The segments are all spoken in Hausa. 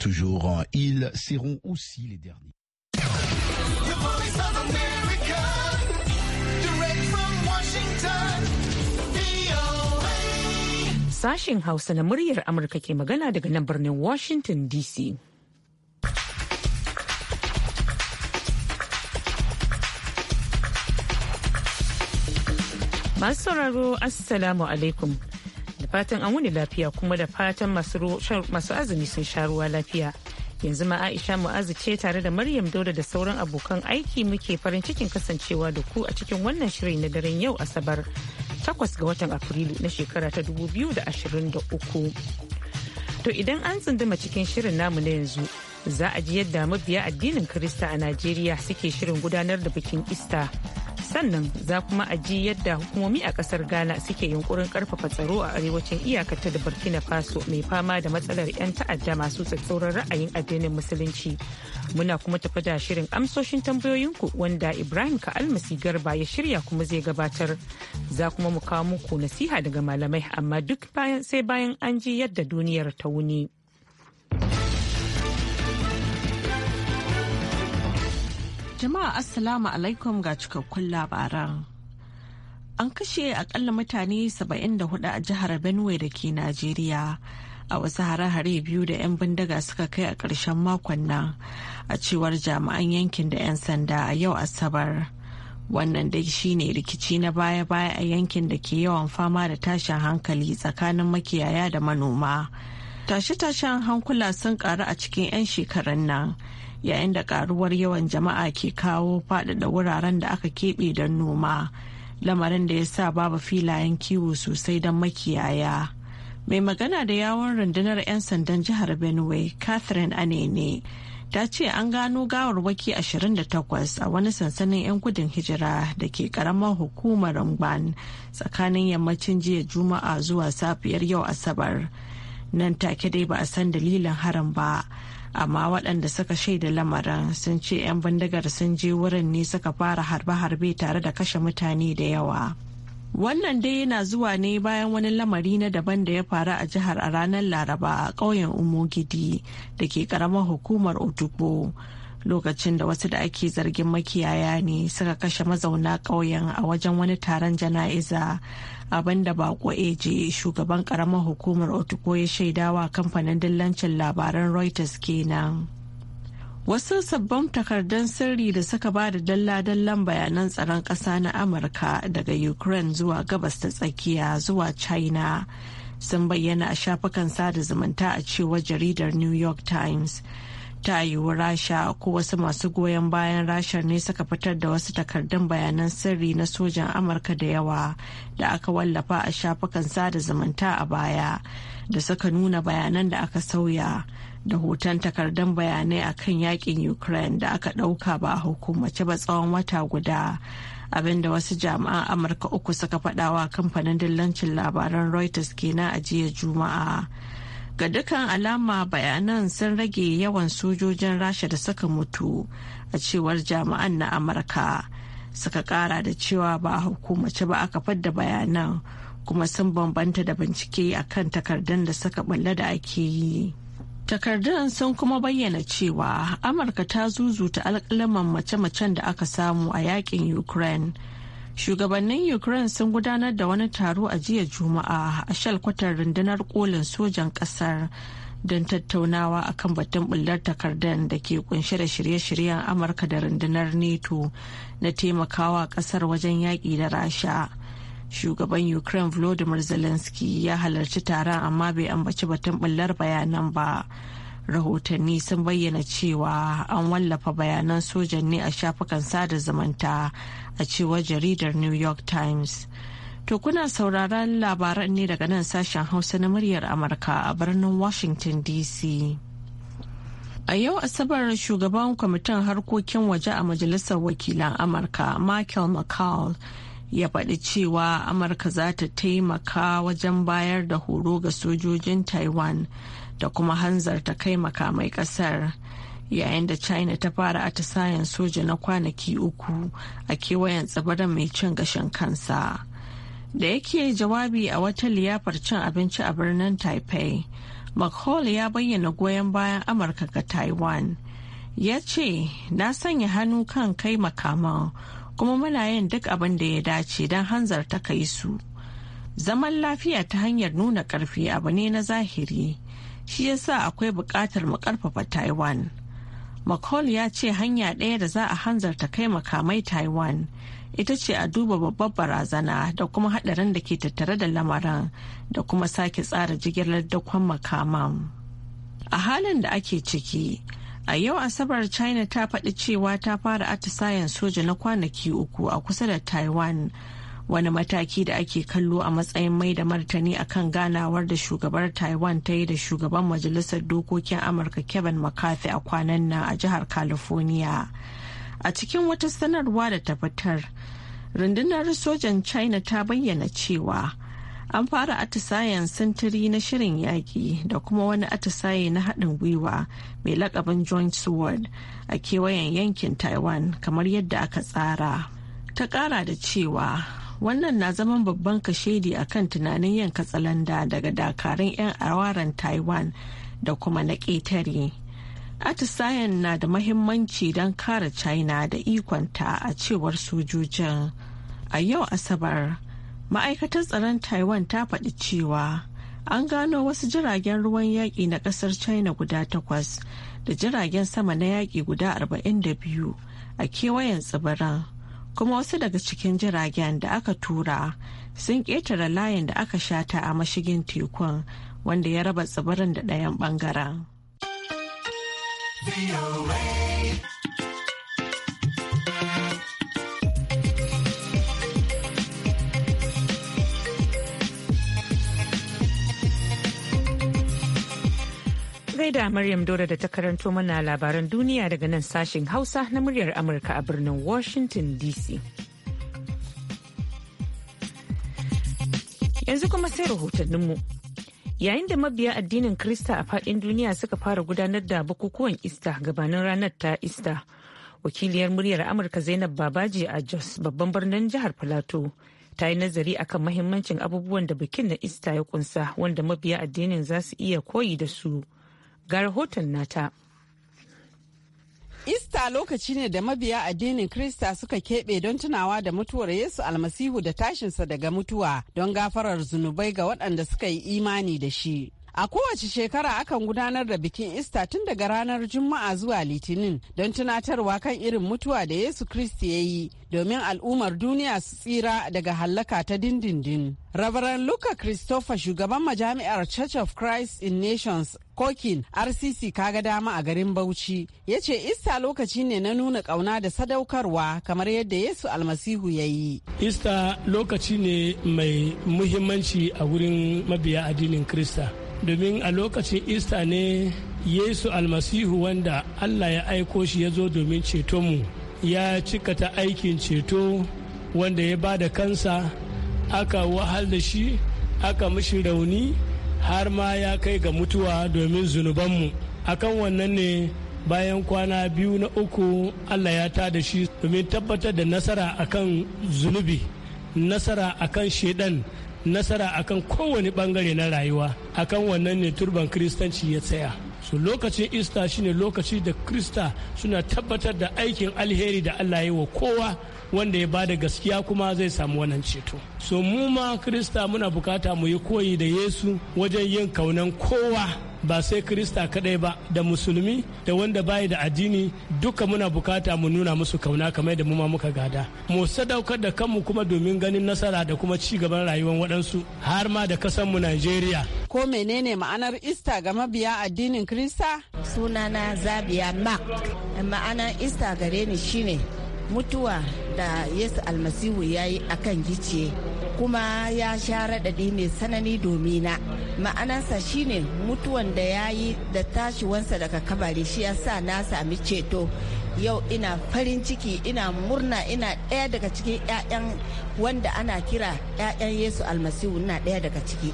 Toujours, ils seront aussi les derniers. Sashen Hausa na muryar Amurka ke magana daga nan birnin Washington DC. Masu Assalamu alaikum. da fatan an wuni lafiya kuma da fatan masu azumi sun sha ruwa lafiya yanzu ma aisha mu'azu ce tare da maryam dauda da sauran abokan aiki muke farin cikin kasancewa da ku a cikin wannan shirin na daren yau asabar takwas ga watan afrilu na shekara ta dubu biyu da da ashirin uku to idan an tsunduma cikin shirin namu na yanzu za a ji yadda mabiya addinin Kirista a Najeriya suke shirin gudanar da bikin Ista. Sannan za kuma a ji yadda hukumomi a kasar Ghana suke yunkurin karfafa tsaro a arewacin iyakata da Burkina Faso mai fama da matsalar 'yan ta'adda masu tsatsauran ra'ayin addinin Musulunci. Muna kuma tafi da shirin amsoshin tambayoyinku wanda Ibrahim Ka'almasi Garba ya shirya kuma zai gabatar. Za kuma mu kawo muku nasiha daga malamai amma duk bayan sai bayan an ji yadda duniyar ta wuni. Jama'a Assalamu alaikum ga cikakkun labaran. An kashe akalla mutane 74 a jihar Benue da ke Najeriya. A wasu hare-hare biyu da 'yan bindiga suka kai a ƙarshen makon nan a cewar jami'an yankin da 'yan sanda a yau Asabar. Wannan dai shine rikici na baya-baya a yankin da ke yawan fama da tashin hankali tsakanin makiyaya da manoma. Tashe-tashen hankula sun karu a cikin 'yan shekarun nan. yayin da karuwar yawan jama'a ke kawo faɗaɗa wuraren da aka keɓe don noma lamarin da ya sa babu filayen kiwo sosai don makiyaya mai magana da yawon rundunar 'yan sandan jihar benue catherine anene ta ce an gano gawarwaki 28 a wani sansanin 'yan gudun hijira da ke karamar hukumar rangban tsakanin yammacin jiya juma'a zuwa safiyar yau asabar nan take dai ba a san dalilin harin ba amma waɗanda suka shaida lamarin sun ce 'yan bindigar sun je wurin ne suka fara harbe-harbe tare da kashe mutane da yawa wannan dai yana zuwa ne bayan wani lamari na daban da ya faru a jihar a ranar laraba a ƙauyen umogidi da ke ƙaramar hukumar otubo lokacin da wasu da ake zargin makiyaya ne suka kashe mazauna ƙauyen a wajen wani taron jana'iza abinda bako eji shugaban karamar hukumar otuko ya shaidawa kamfanin dillancin labaran reuters kenan wasu sabbin takardun sirri da suka ba da dalla-dallan bayanan tsaron ƙasa na amurka daga ukraine zuwa gabas ta tsakiya zuwa china sun bayyana a shafukan sada zumunta a cewar jaridar new york times ta yiwu rasha ko wasu masu goyon bayan rasha ne suka fitar da wasu takardun bayanan sirri na sojan amurka da yawa da aka wallafa a shafukan sada zumunta a baya da suka nuna bayanan da aka sauya da hoton takardun bayanai a kan yakin ukraine da aka ɗauka ba a hukumace ba tsawon wata guda abin da wasu jami'an amurka uku suka faɗawa kamfanin dillancin labaran reuters kenan a jiya juma'a Ga dukkan alama bayanan sun rage yawan sojojin Rasha da suka mutu a cewar jami'an na Amurka. Suka kara da cewa ba a hukumace ba aka fadda bayanan kuma sun bambanta da bincike akan takardun da suka bulla da ake yi. takardun sun kuma bayyana cewa amurka ta zuzuta alkalaman mace-macen da aka samu a yakin ukraine Shugabannin Ukraine sun gudanar da wani taro a jiya Juma'a a shalkwatar rundunar kolin sojan kasar don tattaunawa a kan batun bullar takardar da ke kunshe da shirye-shiryen Amurka da rundunar NATO na taimakawa kasar wajen yaƙi da rasha. Shugaban Ukraine Volodymyr Zelensky ya halarci taron amma bai ambaci batun bullar bayanan ba. rahotanni sun bayyana cewa an wallafa bayanan sojan ne a shafukan sada zumunta a cewar jaridar new york times to kuna sauraron labaran ne daga nan sashen hausa na muryar amurka a birnin washington dc a yau asabar shugaban kwamitin harkokin waje a majalisar wakilan amurka michael mccall ya faɗi cewa amurka za ta taimaka wajen bayar da horo ga sojojin taiwan da kuma hanzar ta kai makamai ƙasar yayin da china ta fara atisayen soja na kwanaki uku a kewayen tsibirin mai cin gashin kansa da yake jawabi a wata liyafar cin abinci a birnin taipei mccall ya bayyana goyon bayan amurka ga taiwan ya ce na sanya hannu kan kai makaman kuma muna yin duk abin da ya dace don hanzarta kai su zaman lafiya ta hanyar nuna ƙarfi abu ne na zahiri shi yasa akwai buƙatar mu ƙarfafa taiwan mccall ya ce hanya ɗaya da za a hanzarta kai makamai taiwan ita ce a duba babbar barazana da kuma haɗarin da ke tattare da lamarin da kuma sake tsara jigilar dakon makaman a halin da ake ciki A yau Asabar China ta faɗi cewa ta fara atisayen soja na kwanaki uku a kusa da Taiwan. Wani mataki da ake kallo a matsayin mai da martani kan ganawar da shugabar Taiwan ta yi da shugaban Majalisar Dokokin Amurka Kevin McCarthy a kwanan nan a jihar California. A cikin wata sanarwa da ta fitar, rundunar sojan China ta bayyana cewa an fara atisayen sintiri na shirin yaƙi da kuma wani atisaye na haɗin gwiwa mai lakabin joint sword a kewayen yankin taiwan kamar yadda aka tsara ta ƙara da cewa wannan na zaman babban kashedi a kan tunanin yin katsalanda daga dakarun 'yan awaran taiwan da kuma na ƙetare atisayen na da mahimmanci don kare china da ikonta a cewar sojojin a yau asabar ma'aikatar tsaron taiwan ta faɗi cewa an gano wasu jiragen ruwan yaƙi na ƙasar china guda takwas da jiragen sama na yaƙi guda 42 a kewayen tsibirin kuma wasu daga cikin jiragen da aka tura sun ƙetare layin da aka shata a mashigin tekun wanda ya raba tsibirin da ɗayan ɓangaren. da Maryam Dora da ta karanto mana labaran duniya daga nan sashen Hausa na muryar Amurka a birnin Washington DC. Yanzu kuma sai rahotanninmu. Yayin da mabiya addinin Krista a fadin duniya suka fara gudanar da bukukuwan Ista gabanin ranar ta Ista. Wakiliyar muryar Amurka Zainab Babaji a Jos babban birnin jihar Filato. ta yi nazari akan mahimmancin abubuwan da bikin na ista ya kunsa wanda mabiya addinin za su iya koyi da su ga rahoton nata. Ista lokaci ne da mabiya addinin Krista suka keɓe don tunawa da mutuwar Yesu almasihu da tashinsa daga mutuwa don gafarar zunubai ga waɗanda suka yi imani da shi. A kowace shekara akan gudanar da bikin Ista tun daga ranar Juma'a zuwa Litinin don tunatarwa kan irin mutuwa da Yesu Kristi ya yi domin al'ummar duniya su tsira daga hallaka ta dindindin. Rabaran Luka Christopher shugaban majami'ar Church of Christ in Nations Kokin RCC kaga dama a garin Bauchi ya ce Ista lokaci ne na nuna kauna da sadaukarwa kamar yadda Yesu almasihu ya yi. Ista lokaci ne mai muhimmanci a wurin mabiya addinin Krista. domin a lokacin ista ne yesu almasihu wanda allah ya aiko shi ya zo domin cetonmu ya cika ta aikin ceto wanda ya ba da kansa aka wahal da shi aka mishi rauni har ma ya kai ga mutuwa domin zunubanmu akan wannan ne bayan kwana biyu na uku allah ya ta da shi domin tabbatar da nasara akan zunubi nasara akan shedan nasara akan kowane bangare na rayuwa akan wannan ne turban kristanci ya tsaya su lokacin ista shine lokaci da krista suna tabbatar da aikin alheri da allah yi wa kowa wanda ya bada gaskiya kuma zai samu wannan ceto so mu ma krista muna bukata mu yi koyi da yesu wajen yin kaunan kowa ba sai krista kaɗai ba da musulmi da wanda bai da addini duka muna bukata mu nuna musu kauna kamar da mu ma muka gada mu sadaukar da kanmu kuma domin ganin nasara da kuma ci gaban rayuwar waɗansu har ma da mu najeriya ko menene ma'anar ista ga mabiya addinin krista sunana zabiya mark ma'anar ista gare ni shine mutuwa da yesu almasihu ya yi akan giciye kuma ya sha raɗaɗi mai sanani domina ma'anansa shine mutuwan da ya yi da tashiwansa daga kabari shi ya sa na sami ceto yau ina farin ciki ina murna ina ɗaya daga cikin 'ya'yan wanda ana kira 'ya'yan yesu almasihu ina ɗaya daga ciki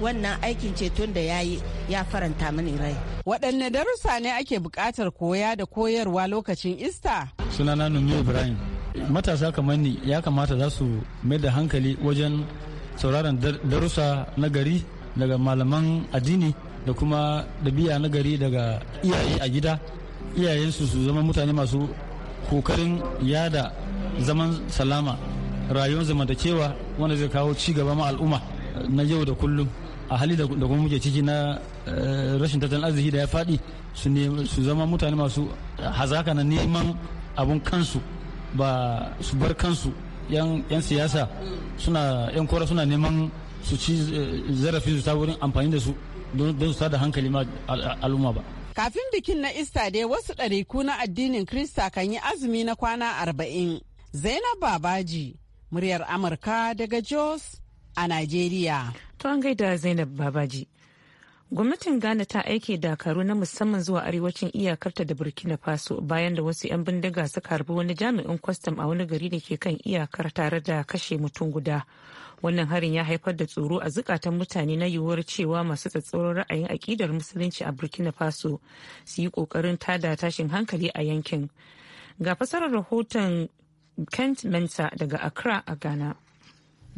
wannan aikin ceton da ya yi ya faranta mani rai waɗanne darussa ne ake buƙatar koya da koyarwa lokacin ista sunana numi ibrahim matasa kamar ni ya kamata za su mai da hankali wajen sauraron darussa nagari gari daga malaman addini da kuma ɗabi'a na daga iyaye a gida iyayensu su zama mutane masu kokarin yada zaman salama rayuwar zamantakewa wanda zai kawo ci gaba ma al'umma na yau da kullum a hali da kuma muke ciki na eh, rashin tattalin arziki da ya faɗi su zama mutane masu hazaka na neman abun kansu ba su bar kansu 'yan siyasa suna 'yan kora suna neman su ci eh, zarafin su ta wurin amfani da su don su da hankali ma al'umma ba. Kafin bikin na Ista dai wasu ɗariku na addinin Krista kan yi azumi na kwana arba'in. Zainab Babaji, muryar Amurka daga Jos a nigeria. To an gaida Zainab Babaji. Gwamnatin Ghana ta aike dakaru na musamman zuwa arewacin iyakarta da Burkina Faso bayan da wasu 'yan bindiga suka harbi wani jami'in kwastam a wani gari da ke kan iyakar tare da kashe mutum guda. Wannan harin ya haifar da tsoro a zukatan mutane na yiwuwar cewa masu tsatsauran ra'ayin akidar musulunci a Burkina Faso su yi kokarin tada tashin hankali a yankin. Ga fasarar rahoton Kent Mensa daga Accra a Ghana.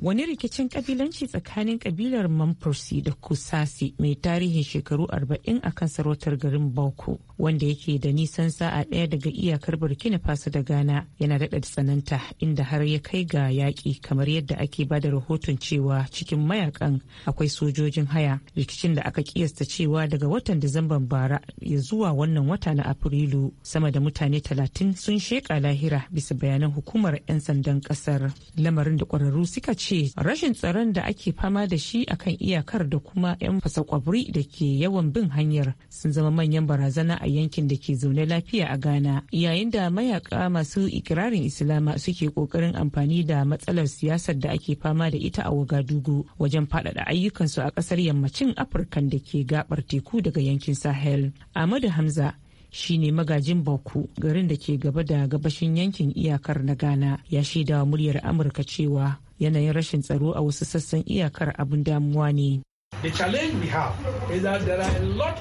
wani rikicin kabilanci tsakanin kabilar Mamfursi da Kusasi mai tarihin shekaru 40 a kan sarautar garin Boko wanda yake da nisan sa'a ɗaya daga iyakar Burkina Faso da Ghana yana daɗa tsananta inda har ya kai ga yaƙi kamar yadda ake ba da rahoton cewa cikin mayakan akwai sojojin haya rikicin da aka kiyasta cewa daga watan Disamban bara ya zuwa wannan wata na Afrilu sama da mutane talatin sun sheƙa lahira bisa bayanan hukumar 'yan sandan ƙasar lamarin da ƙwararru suka ce ce rashin tsaron da ake fama da shi akan iyakar da kuma 'yan fasakwabri da ke yawan bin hanyar sun zama manyan barazana a yankin da ke zaune lafiya a Ghana yayin da mayaka masu ikirarin Islama suke kokarin amfani da matsalar siyasar da ake fama da ita a Wagadugu wajen faɗaɗa ayyukansu a ƙasar yammacin Afirka da ke gabar teku daga yankin Sahel. Ahmadu Hamza shi ne magajin Baku garin da ke gaba da gabashin yankin iyakar na Ghana ya shaidawa muryar Amurka cewa yanayin rashin tsaro a wasu sassan iyakar abin damuwa ne. The challenge we have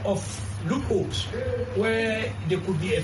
of loopholes where there could be a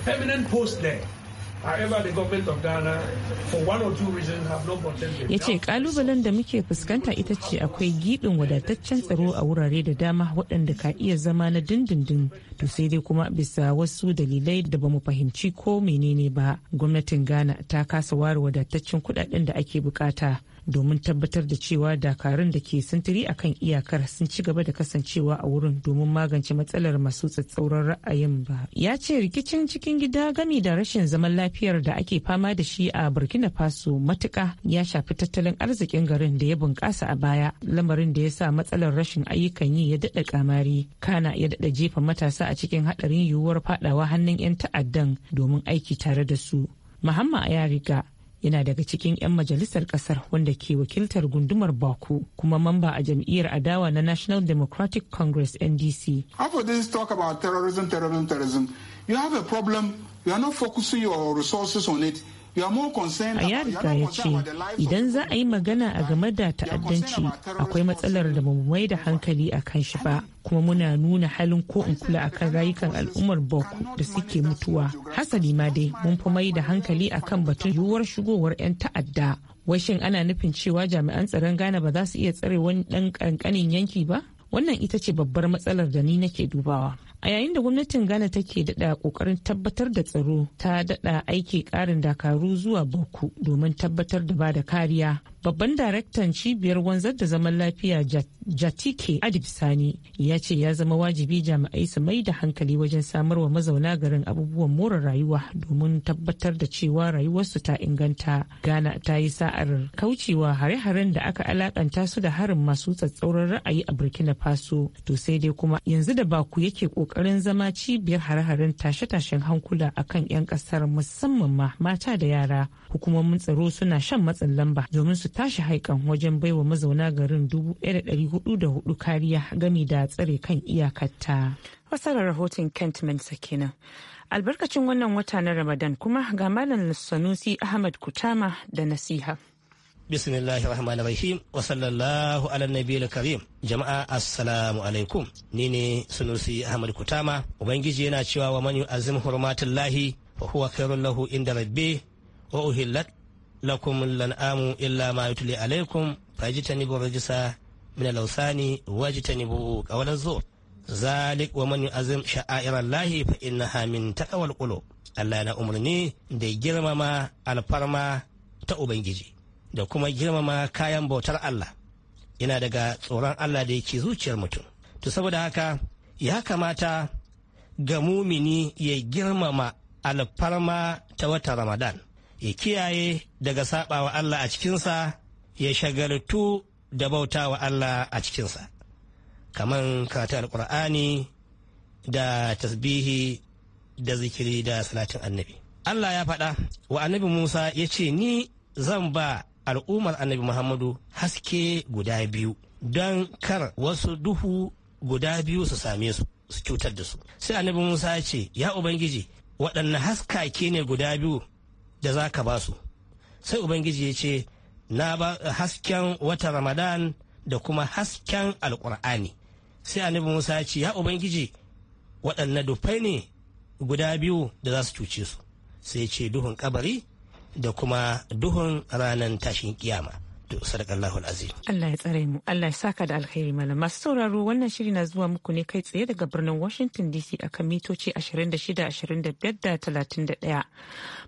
ya ce kalubalen da muke fuskanta ita ce akwai gibin wadataccen tsaro a wurare da dama waɗanda ka iya zama na dindindin to sai dai kuma bisa wasu dalilai da bamu fahimci ko menene ba gwamnatin ghana ta kasa ware wadataccen kudaden da ake bukata domin tabbatar da cewa dakarun da ke sintiri a kan iyakar sun ci gaba da kasancewa a wurin domin magance matsalar masu tsatsauran ra'ayin ba ya ce rikicin cikin gida gami da rashin zaman lafiyar da ake fama da shi a burkina faso matuka ya shafi tattalin arzikin garin da ya bunƙasa a baya lamarin da ya sa matsalar rashin ayyukan yi ya daɗa kamari kana ya daɗa jefa matasa a cikin haɗarin yiwuwar faɗawa hannun 'yan ta'addan domin aiki tare da su muhammad ya riga yana daga cikin 'yan majalisar kasar wanda ke wakiltar gundumar baku kuma mamba a jam'iyyar adawa na national democratic congress ndc you have a problem you are not focusing your resources on it a ta riga ya ce idan za a yi magana a game da ta'addanci akwai matsalar da bamu mai da hankali a kan shi ba kuma muna nuna halin ko in kula akan rayukan al'ummar boko da suke mutuwa hasali ma dai mun fi mai da hankali akan batun yiwuwar shigowar 'yan ta'adda washin ana nufin cewa jami'an tsaron ghana ba za su iya tsare wani ɗan kankanin yanki ba wannan ita ce babbar matsalar da ni nake dubawa a yayin da gwamnatin ghana take daɗa ƙoƙarin tabbatar da tsaro ta daɗa aiki ƙarin dakaru zuwa baku domin tabbatar da bada kariya babban daraktan cibiyar wanzar da zaman lafiya jatike adibsani ya ce ya zama wajibi jami'ai su mai da hankali wajen samar wa mazauna garin abubuwan more rayuwa domin tabbatar da cewa rayuwarsu ta inganta ghana ta yi sa'ar kaucewa hare-haren da aka alakanta su da harin masu tsatsauran ra'ayi a burkina faso to sai dai kuma yanzu da baku yake kokarin kokarin zama cibiyar hare-haren tashe-tashen hankula a kan 'yan ƙasar musamman ma mata da yara hukumomin tsaro suna shan matsin lamba domin su tashi haikan wajen baiwa mazauna garin dubu da 1,404 kariya gami da tsare kan iyakarta. fasarar rahoton Kent Mensa kenan. Albarkacin wannan wata na Ramadan kuma ga Malam Sanusi Ahmad Kutama da nasiha. Bismillahi rahmanir rahim wa sallallahu ala nabiyil karim jama'a assalamu alaikum ni ne sunusi ahmad kutama ubangiji yana cewa wa man yu'azzim hurmatullahi fa huwa khairul lahu inda rabbi wa uhillat lakum lan'amu illa ma yutli alaikum fajtanibu rajsa min al-awsani wajtanibu qawlan zur zalik wa man yu'azzim sha'airallahi fa innaha min taqwal qulub Allah na umarni da girmama alfarma ta ubangiji da kuma girmama kayan bautar Allah yana daga tsoron Allah da yake zuciyar mutum to saboda haka ya kamata ga mumini ya girmama alfarma ta wata Ramadan ya kiyaye daga saɓawa Allah a cikinsa ya shagaltu da bautawa Allah a cikinsa kaman karatu alkur'ani da tasbihi da zikiri da salatin annabi Allah ya faɗa wa annabi Musa ya ce ni zan ba al'ummar annabi muhammadu haske guda biyu don kar wasu duhu guda biyu su same su su cutar da su sai annabi musa ya ce ya ubangiji waɗanne haskake ne guda biyu da za ka ba su sai ubangiji ya ce na ba hasken wata ramadan da kuma hasken alkur'ani sai annabi musa ya ce ya ubangiji waɗanne dufai ne guda biyu da za su cuce su sai ce duhun kabari da kuma duhun ranar tashin kiyama sadakallahu alazim Allah ya tsare mu Allah ya saka da alkhairi malam masu sauraro wannan shiri na zuwa muku ne kai tsaye daga birnin Washington DC akan mitoci 26 25 31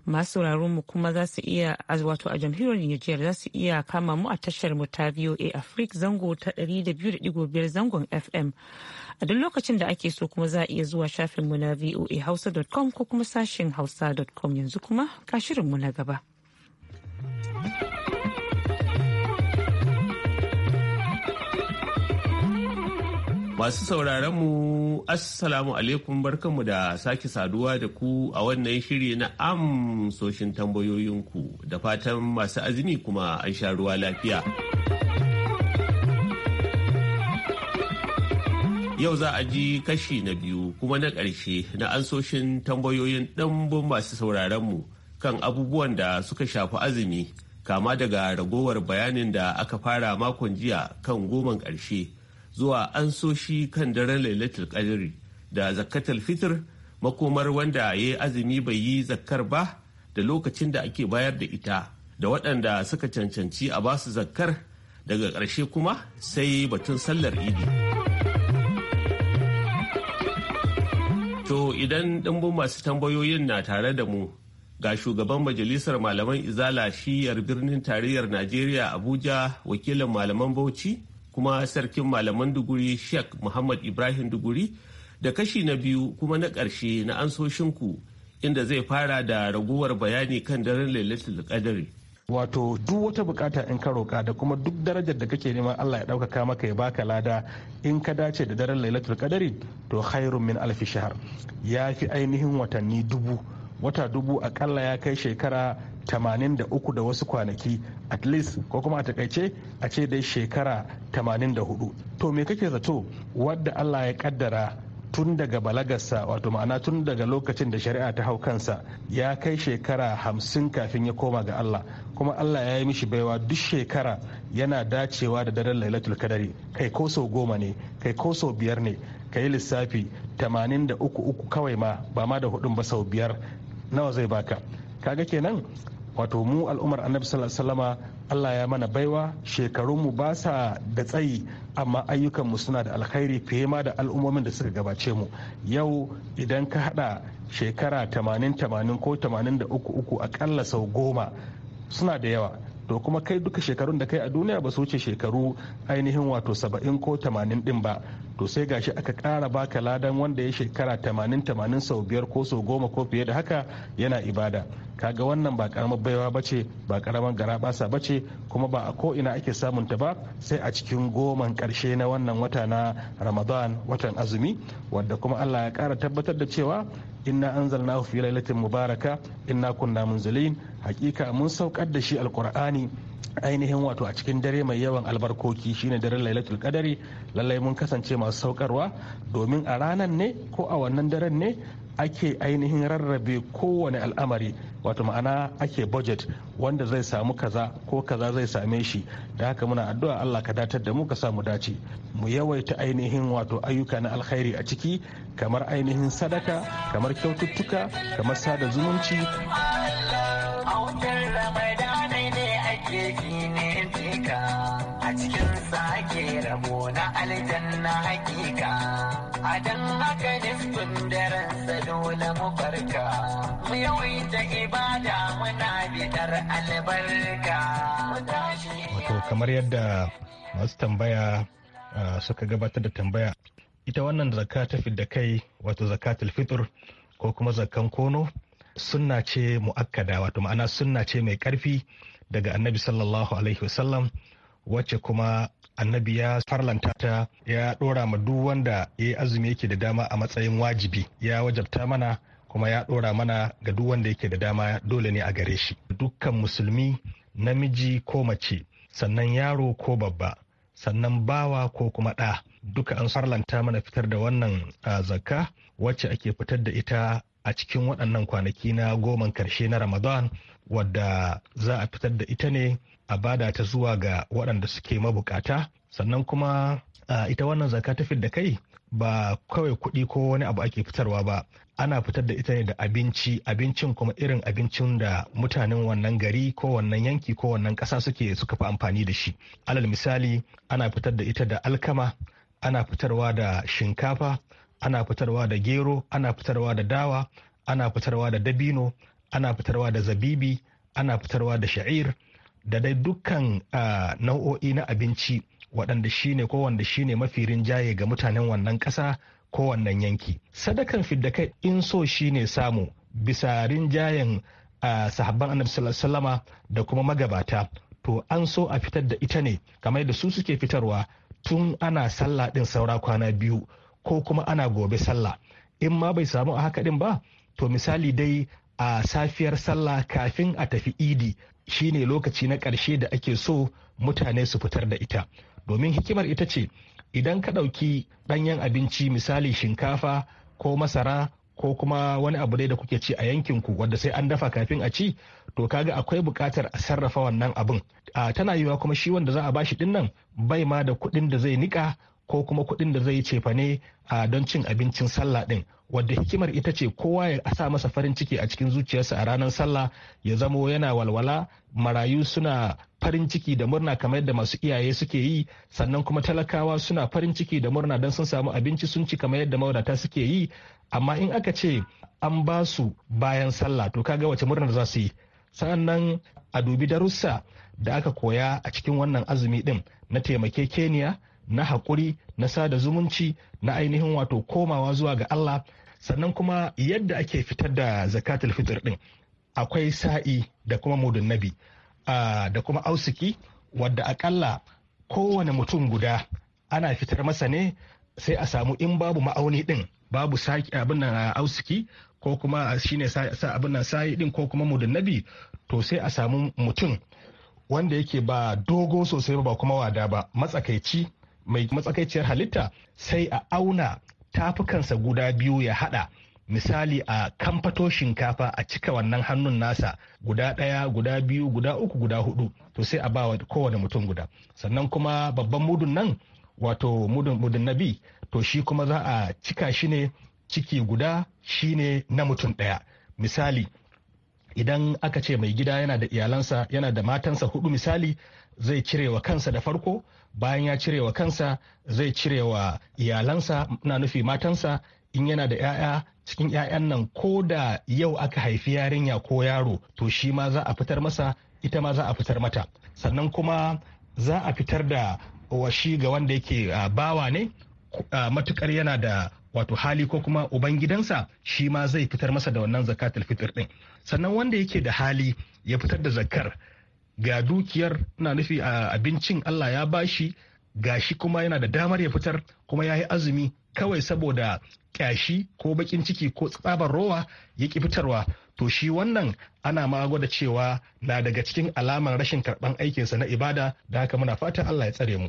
masu sauraro mu kuma za su iya wato a jamhuriyar Nijar za su iya kama mu a tashar mu ta VOA Africa zango ta 200.5 zangon FM a duk lokacin da ake so kuma za a iya zuwa shafin mu na voahausa.com ko kuma sashin hausa.com yanzu kuma ka shirin mu na gaba. thank you Masu sauraron mu Assalamu alaikum barkanmu da sake saduwa da ku a wannan shiri na amsoshin tambayoyinku da fatan masu azumi kuma an sha ruwa lafiya. Yau za a ji kashi na biyu kuma na ƙarshe na ansoshin tambayoyin ɗanbun masu mu kan abubuwan da suka shafi azumi kama daga ragowar bayanin da aka fara makon jiya kan goman ƙarshe. zuwa an so shi kan daren lailatul Kadiri da zakatul fitr makomar wanda ya azumi bai yi zakkar ba da lokacin da ake bayar da ita da waɗanda suka cancanci a basu zakkar daga ƙarshe kuma sai batun sallar idi to idan ɗimbin masu tambayoyin na tare da mu ga shugaban majalisar malaman izala shiyar birnin tarayyar najeriya abuja wakilin malaman bauchi kuma sarkin malaman duguri sheikh muhammad ibrahim duguri da kashi na biyu kuma na ƙarshe na ansoshin ku inda zai fara da raguwar bayani kan daren lailatul kadari wato duk wata bukata in ka roka da kuma duk darajar da kake neman Allah ya ɗaukaka maka ya baka lada in ka dace da daren lailatul kadari to khairun min alfi shahr ya fi ainihin watanni dubu wata dubu akalla ya kai shekara 83 da wasu kwanaki at least ko kuma a takaice a ce dai shekara 84 to me kake zato wadda allah ya kaddara tun daga balagarsa wato ma'ana tun daga lokacin da shari'a ta hau kansa ya kai shekara hamsin kafin ya koma ga allah kuma allah ya yi mishi baiwa duk shekara yana dacewa da daren lailatul kadari kai ko sau goma ne kai ko sau biyar ne ka yi lissafi 83 uku kawai ma ba ma da hudun ba sau biyar nawa zai baka kaga kenan wato mu al'ummar annabi sallallahu alaihi wasallama Allah ya mana baiwa shekarunmu ba sa da tsayi amma ayyukan mu suna da alkhairi fiye ma da al'ummomin da suka gabace mu yau idan ka hada shekara 80-80 ko 83 akalla sau goma suna da yawa to kuma kai duka shekarun da kai a duniya ba su wuce shekaru ainihin wato saba'in ko tamanin din ba to sai gashi aka ƙara baka ladan wanda ya shekara tamanin tamanin sau biyar ko sau goma ko fiye da haka yana ibada kaga wannan ba karamar baiwa ba ce ba karamar garabasa ba ce kuma ba a ko'ina ake samun ta ba sai a cikin goman karshe na wannan wata na ramadan watan azumi wadda kuma allah ya ƙara tabbatar da cewa inna anzalnahu fi lailatin mubaraka inna kunna munzalin hakika mun saukar da shi alkur'ani ainihin wato a cikin dare mai yawan albarkoki shine daren lailatul kadari lallai mun kasance masu saukarwa domin a ranan ne ko a wannan daren ne ake ainihin rarrabe kowane al'amari wato ma'ana ake budget wanda zai samu kaza ko kaza zai same shi da haka muna addu'a Allah ka datar da mu ka samu dace mu yawaita ainihin wato ayyuka na alkhairi a ciki kamar ainihin sadaka kamar kyaututtuka kamar sada zumunci a wutar ramadana ne ake kinin tika a cikin sake rabo na aljanna hakika a dan haka nisbin daren salo na mafarka mu yawaita ibada muna bidar albarka wato kamar yadda masu tambaya suka gabatar da tambaya ita wannan zakka ta fidda kai wato zakatul fitr ko kuma zakkan kono sunna ce mu'akkada wato ma'ana sunna ce mai karfi daga annabi sallallahu alaihi wasallam wacce kuma annabi ya farlanta ta ya dora ma duk wanda ya azumi yake da dama a matsayin wajibi ya wajabta mana kuma ya dora mana ga duk wanda yake da dama dole ne a gare shi dukkan musulmi namiji ko mace sannan yaro ko babba sannan bawa ko kuma ɗa duka an farlanta mana fitar da wannan ah, zakka wacce ake fitar da ita a cikin waɗannan kwanaki na goman karshe na ramadan wadda za a fitar da ita ne a bada ta zuwa ga waɗanda suke mabukata sannan kuma ita wannan zaka ta da kai ba kawai kuɗi ko wani abu ake fitarwa ba ana fitar da ita ne da abinci abincin kuma irin abincin da mutanen wannan gari ko wannan yanki ko wannan ƙasa suke suka fi amfani da shi alal misali ana fitar da ita da alkama ana fitarwa da shinkafa ana fitarwa da gero ana fitarwa da dawa ana fitarwa da dabino ana fitarwa da zabibi ana fitarwa da sha'ir da dai dukkan nau'o'i na abinci waɗanda shine ko wanda shine mafi rinjaye ga mutanen wannan ƙasa ko wannan yanki sadakan fidda kai in so shine samu bisa rinjayen sahabban annabi sallama da kuma magabata to an so a fitar da ita ne kamar da su suke fitarwa tun ana sallah ɗin saura kwana biyu ko kuma ana gobe sallah in ma bai samu a haka din ba to misali dai a safiyar sallah kafin a tafi idi shine lokaci na ƙarshe da ake so mutane su fitar da ita domin hikimar ita ce idan ka ɗauki ɗanyen abinci misali shinkafa ko masara ko kuma wani abu dai da kuke ci a yankinku wadda sai an dafa kafin a ci to kaga akwai buƙatar a sarrafa wannan abin tana yiwa kuma shi wanda za a bashi ɗinnan bai ma da kuɗin da zai niƙa ko kuma kuɗin da zai cefa ne don cin abincin sallah ɗin wadda hikimar ita ce kowa ya sa masa farin ciki a cikin zuciyarsa a ranar sallah ya zamo yana walwala marayu suna farin ciki da murna kamar yadda masu iyaye suke yi sannan kuma talakawa suna farin ciki da murna don sun samu abinci sun ci kamar yadda mawadata suke yi amma in aka ce an ba su bayan sallah to kaga wace murnar za su yi Sannan a dubi darussa da aka koya a cikin wannan azumi din na taimake keniya. na haƙuri na sada zumunci na ainihin wato komawa zuwa ga Allah sannan kuma yadda ake fitar da zakatul fitr din akwai sa'i da kuma mudun nabi da kuma ausiki wadda akalla kowane mutum guda ana fitar masa ne sai a samu in babu ma'auni din babu saki abin nan ausiki ko kuma shine sa abin nan sa'i din ko kuma mudun nabi to sai a samu mutum wanda yake ba dogo sosai ba kuma wada ba matsakaici mai matsakaiciyar halitta sai a auna tafukansa guda biyu ya hada misali a kamfato shinkafa a cika wannan hannun nasa guda ɗaya guda biyu guda uku guda hudu to sai a bawa kowane mutum guda sannan kuma babban mudun nan wato mudun mudun nabi to shi kuma za a cika shi ne ciki guda shi ne na mutum ɗaya misali idan aka ce mai gida yana da iyalansa yana da matansa hudu misali zai cire wa kansa da farko bayan ya cire wa kansa zai cire wa iyalansa na nufi matansa in yana da 'ya'ya cikin 'ya'yan nan ko da yau aka haifi yarinya ko yaro to shi ma za a fitar masa ita ma za a fitar mata sannan kuma za a fitar da washi ga wanda yake bawa ne matukar yana da wato hali ko kuma ubangidansa shi ma zai fitar masa da wannan zakatul fitr din sannan wanda yake da hali ya fitar da zakar ga dukiyar na nufi a abincin Allah ya bashi ga shi kuma yana da damar ya fitar kuma ya yi azumi kawai saboda kyashi ko bakin ciki ko tsabar rowa ya ki fitarwa to shi wannan ana ma gwada cewa na daga cikin alamar rashin karɓan aikinsa na ibada da haka muna fata Allah ya tsare mu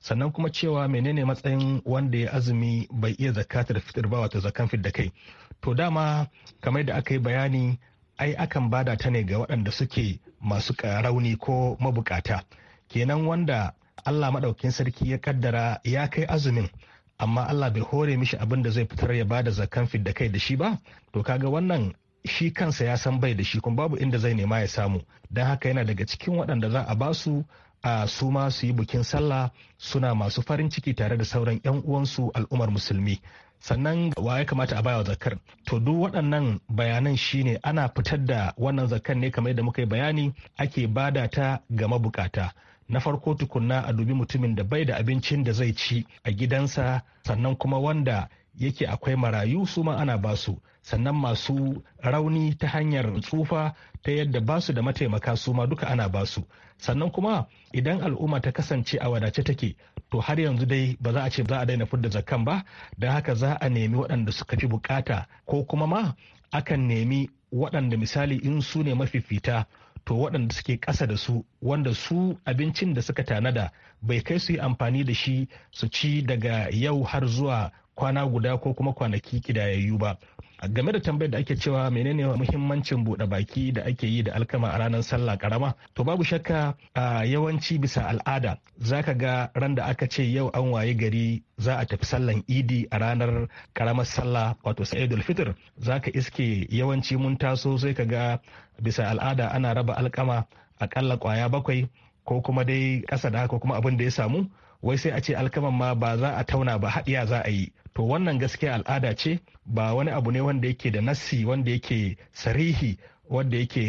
sannan kuma cewa menene matsayin wanda ya azumi bai iya zakatar fitar ba wato zakan fidda kai to dama kamar da aka yi bayani ai akan bada ta ne ga waɗanda suke masu rauni ko mabukata kenan wanda allah maɗaukin sarki ya kaddara ya kai azumin amma allah bai hore mishi abin da zai fitar ya bada zakan da kai da shi ba to kaga wannan shi kansa ya san bai da shi kuma babu inda zai nema ya samu don haka yana daga cikin waɗanda za a basu a su ma su yi bukin sallah suna masu farin ciki tare da sauran 'yan uwansu al'ummar musulmi sannan wa ya kamata a bayar zakar to duk waɗannan bayanan shine ana fitar da wannan zakar ne kamar yadda muka yi bayani ake bada ta ga mabukata na farko tukunna a dubi mutumin da bai da abincin da zai ci a gidansa sannan kuma wanda yake akwai marayu su ma ana basu sannan masu rauni ta hanyar tsufa ta yadda basu da mataimaka su ma duka ana basu sannan kuma idan al'umma ta kasance a wadace take to har yanzu dai ba za a ce za a daina fudda zakkan ba da haka za a nemi waɗanda suka fi bukata ko kuma ma akan nemi waɗanda misali in su ne mafifita to waɗanda suke ƙasa da su wanda su abincin da suka tanada bai kai su yi amfani da shi su ci daga yau har zuwa kwana guda ko kuma kwanaki kidayayyu ba game da tambayar da ake cewa menene muhimmancin buɗe baki da ake yi da alkama a ranar sallah karama to babu shakka a yawanci bisa al'ada zaka ga ran da aka ce yau an waye gari za a tafi sallan idi a ranar karamar sallah wato sa'idul fitr zaka iske yawanci mun taso sai ka ga bisa al'ada ana raba alkama akalla kwaya bakwai ko kuma dai ƙasa da ko kuma abin da ya samu wai sai a ce alkaman ma ba za a tauna ba haɗiya za a yi to wannan gaskiya al'ada ce ba wani abu ne wanda yake da nassi wanda yake sarihi wanda yake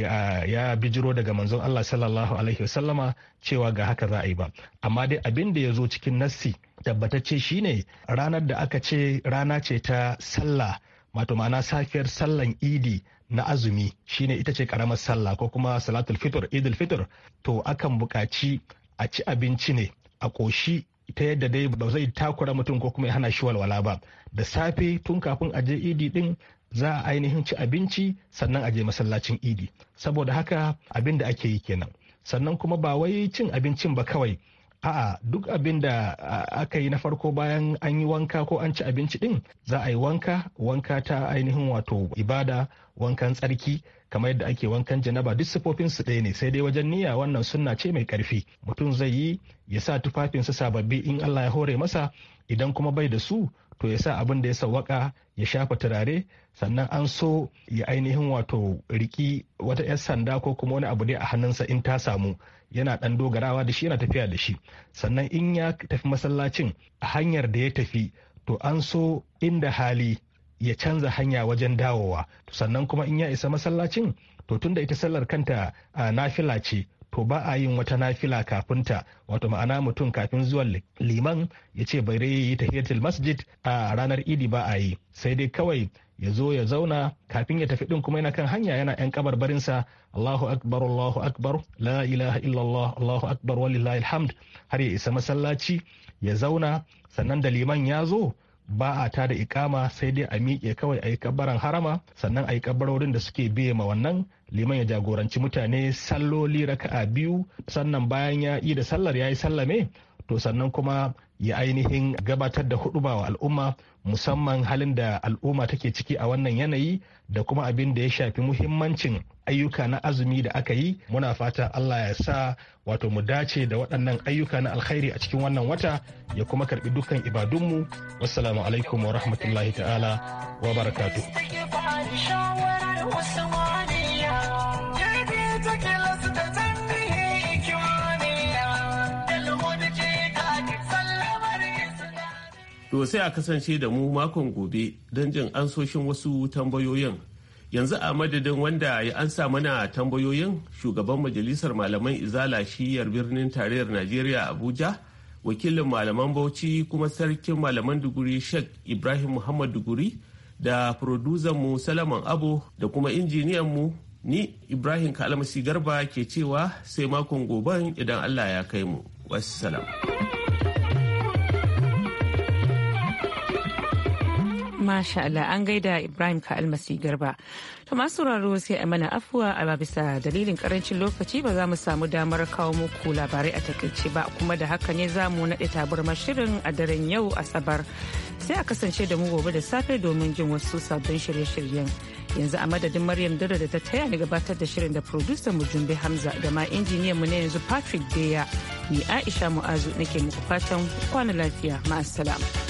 ya bijiro daga manzon Allah sallallahu alaihi wasallama cewa ga haka za a yi ba amma dai abin da ya zo cikin nassi tabbatacce shine ranar da aka ce rana ce ta sallah wato ma'ana safiyar sallan idi na azumi shine ita ce karamar sallah ko kuma salatul fitr Idil fitr to akan buƙaci a ci abinci ne a ƙoshi ta yadda dai ba zai takura mutum ko kuma ya hana shi walwala ba da safe tun kafin a je idi din za a ainihin ci abinci sannan a je masallacin idi saboda haka abin da ake yi kenan sannan kuma ba wai cin abincin ba kawai a'a duk abin da aka yi na farko bayan an yi wanka ko an ci abinci din za a yi wanka wanka ta ainihin wato ibada wankan tsarki kamar yadda ake wankan janaba duk sifofin su ɗaya ne sai dai wajen niyya wannan sunna ce mai ƙarfi mutum zai yi ya sa tufafinsa sababbi in Allah ya hore masa idan kuma bai da su to ya sa abin da ya sawwaka ya shafa turare sannan an so ya ainihin wato riki wata 'yar sanda ko kuma wani abu ne a hannunsa in ta samu yana dan dogarawa da shi yana tafiya da shi sannan in ya tafi masallacin a hanyar da ya tafi to an so inda hali ya canza hanya wajen dawowa sannan kuma in ya isa masallacin to tunda ita sallar kanta a nafila ce to ba a yin wata nafila kafin ta wato ma'ana mutum kafin zuwan liman ya ce bai yi tahiyatul masjid a ranar idi ba a yi sai dai kawai ya zo ya zauna kafin ya tafi din kuma yana kan hanya yana yan kabar barinsa Allahu akbar Allahu akbar la ilaha illallah Allahu akbar walillahi alhamd har ya isa masallaci ya zauna sannan da liman ya zo ba a ta da ikama sai dai a miƙe kawai a yi kabaran harama sannan a yi kabarorin da suke biye ma wannan liman ya jagoranci mutane salloli raka'a biyu sannan bayan ya yi da sallar ya yi sallame to sannan kuma ya ainihin gabatar da huduma wa al'umma musamman halin da al'umma take ciki a wannan yanayi da kuma abin da ya shafi muhimmancin ayyuka na azumi da aka yi muna fata allah ya sa wato mu dace da waɗannan ayyuka na alkhairi a cikin wannan wata ya kuma karbi dukkan ibadunmu wassalamu alaikum wa rahmatullahi ta'ala wa barakatuh To sai a kasance da mu makon gobe don jin ansoshin wasu tambayoyin. Yanzu a madadin wanda ya ansa mana tambayoyin shugaban majalisar malaman izala shiyar birnin tarayyar Najeriya Abuja, wakilin malaman Bauchi kuma sarkin malaman Duguri Sheikh Ibrahim Muhammad Duguri da mu Salaman Abo da kuma injiniyan mu ni Ibrahim Kalamasi Garba ke cewa sai makon goben idan Allah ya kai mu. Wassalam. Masha Allah an gaida Ibrahim ka almasi garba. To masu sauraro sai a mana afuwa a bisa dalilin karancin lokaci ba za mu samu damar kawo muku labarai a takaice ba kuma da haka ne za mu naɗe tabarmar shirin a daren yau Asabar. Sai a kasance da mu gobe da safe domin jin wasu sabbin shirye-shiryen. Yanzu a madadin Maryam Dara da ta taya ni gabatar da shirin da producer mu Jumbe Hamza da ma injiniyan mu na yanzu Patrick Deya. Ni Aisha Mu'azu nake muku fatan kwana lafiya ma'assalam.